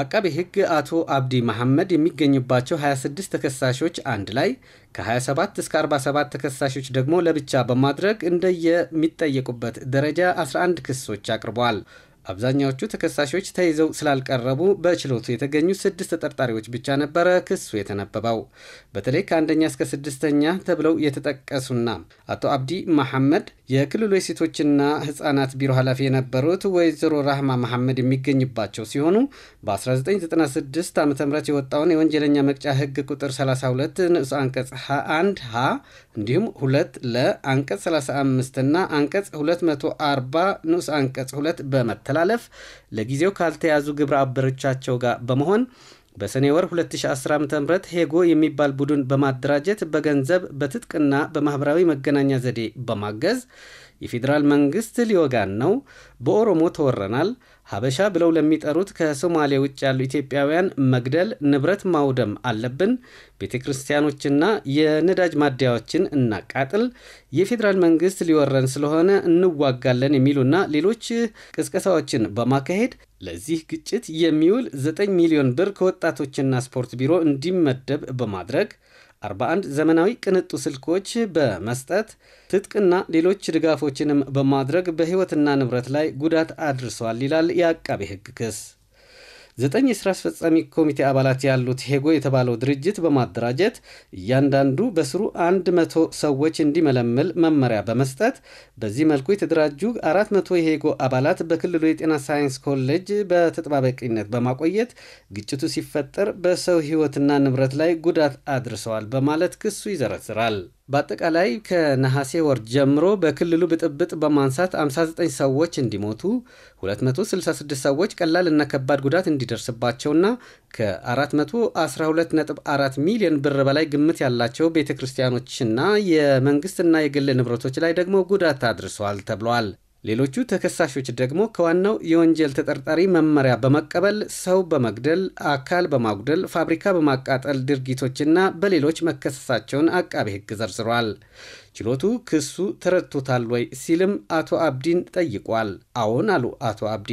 አቃቤ ሕግ አቶ አብዲ መሐመድ የሚገኝባቸው 26 ተከሳሾች አንድ ላይ ከ27 እስከ 47 ተከሳሾች ደግሞ ለብቻ በማድረግ እንደየሚጠየቁበት ደረጃ 11 ክሶች አቅርቧል። አብዛኛዎቹ ተከሳሾች ተይዘው ስላልቀረቡ በችሎቱ የተገኙ ስድስት ተጠርጣሪዎች ብቻ ነበረ ክሱ የተነበበው። በተለይ ከአንደኛ እስከ ስድስተኛ ተብለው የተጠቀሱና አቶ አብዲ መሐመድ የክልሉ የሴቶችና ህጻናት ቢሮ ኃላፊ የነበሩት ወይዘሮ ራህማ መሐመድ የሚገኝባቸው ሲሆኑ በ1996 ዓ ም የወጣውን የወንጀለኛ መቅጫ ህግ ቁጥር 32 ንዑስ አንቀጽ 1 ሀ እንዲሁም 2 ለ አንቀጽ 35 እና አንቀጽ 240 ንዑስ አንቀጽ 2 በመታ ለማስተላለፍ ለጊዜው ካልተያዙ ግብረ አበሮቻቸው ጋር በመሆን በሰኔ ወር 2010 ዓ ም ሄጎ የሚባል ቡድን በማደራጀት በገንዘብ በትጥቅና በማኅበራዊ መገናኛ ዘዴ በማገዝ የፌዴራል መንግሥት ሊወጋን ነው፣ በኦሮሞ ተወረናል፣ ሀበሻ ብለው ለሚጠሩት ከሶማሌ ውጭ ያሉ ኢትዮጵያውያን መግደል፣ ንብረት ማውደም አለብን፣ ቤተ ክርስቲያኖችና የነዳጅ ማደያዎችን እናቃጥል፣ የፌዴራል መንግስት ሊወረን ስለሆነ እንዋጋለን የሚሉና ሌሎች ቅስቀሳዎችን በማካሄድ ለዚህ ግጭት የሚውል 9 ሚሊዮን ብር ከወጣቶችና ስፖርት ቢሮ እንዲመደብ በማድረግ 41 ዘመናዊ ቅንጡ ስልኮች በመስጠት ትጥቅና ሌሎች ድጋፎችንም በማድረግ በሕይወትና ንብረት ላይ ጉዳት አድርሷል ይላል የአቃቤ ሕግ ክስ። ዘጠኝ የስራ አስፈጻሚ ኮሚቴ አባላት ያሉት ሄጎ የተባለው ድርጅት በማደራጀት እያንዳንዱ በስሩ አንድ መቶ ሰዎች እንዲመለምል መመሪያ በመስጠት በዚህ መልኩ የተደራጁ አራት መቶ የሄጎ አባላት በክልሉ የጤና ሳይንስ ኮሌጅ በተጠባበቂነት በማቆየት ግጭቱ ሲፈጠር በሰው ሕይወትና ንብረት ላይ ጉዳት አድርሰዋል በማለት ክሱ ይዘረዝራል። በአጠቃላይ ከነሐሴ ወር ጀምሮ በክልሉ ብጥብጥ በማንሳት 59 ሰዎች እንዲሞቱ 266 ሰዎች ቀላልና ከባድ ጉዳት እንዲደርስባቸውና ከ412.4 ሚሊዮን ብር በላይ ግምት ያላቸው ቤተ ክርስቲያኖችና የመንግሥትና የግል ንብረቶች ላይ ደግሞ ጉዳት አድርሰዋል ተብሏል። ሌሎቹ ተከሳሾች ደግሞ ከዋናው የወንጀል ተጠርጣሪ መመሪያ በመቀበል ሰው በመግደል፣ አካል በማጉደል፣ ፋብሪካ በማቃጠል ድርጊቶችና በሌሎች መከሰሳቸውን አቃቤ ሕግ ዘርዝሯል። ችሎቱ ክሱ ተረድቶታል ወይ ሲልም አቶ አብዲን ጠይቋል። አዎን አሉ አቶ አብዲ።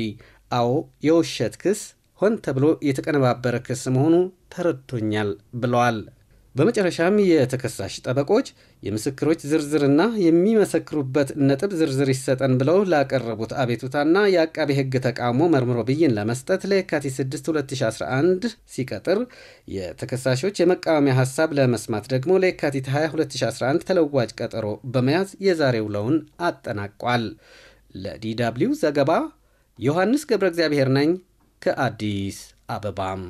አዎ የውሸት ክስ ሆን ተብሎ የተቀነባበረ ክስ መሆኑ ተረድቶኛል ብለዋል። በመጨረሻም የተከሳሽ ጠበቆች የምስክሮች ዝርዝርና የሚመሰክሩበት ነጥብ ዝርዝር ይሰጠን ብለው ላቀረቡት አቤቱታና የአቃቢ ሕግ ተቃውሞ መርምሮ ብይን ለመስጠት ለየካቲት 6 2011 ሲቀጥር የተከሳሾች የመቃወሚያ ሀሳብ ለመስማት ደግሞ ለየካቲት 20 2011 ተለዋጭ ቀጠሮ በመያዝ የዛሬ ውለውን አጠናቋል። ለዲደብሊው ዘገባ ዮሐንስ ገብረ እግዚአብሔር ነኝ ከአዲስ አበባም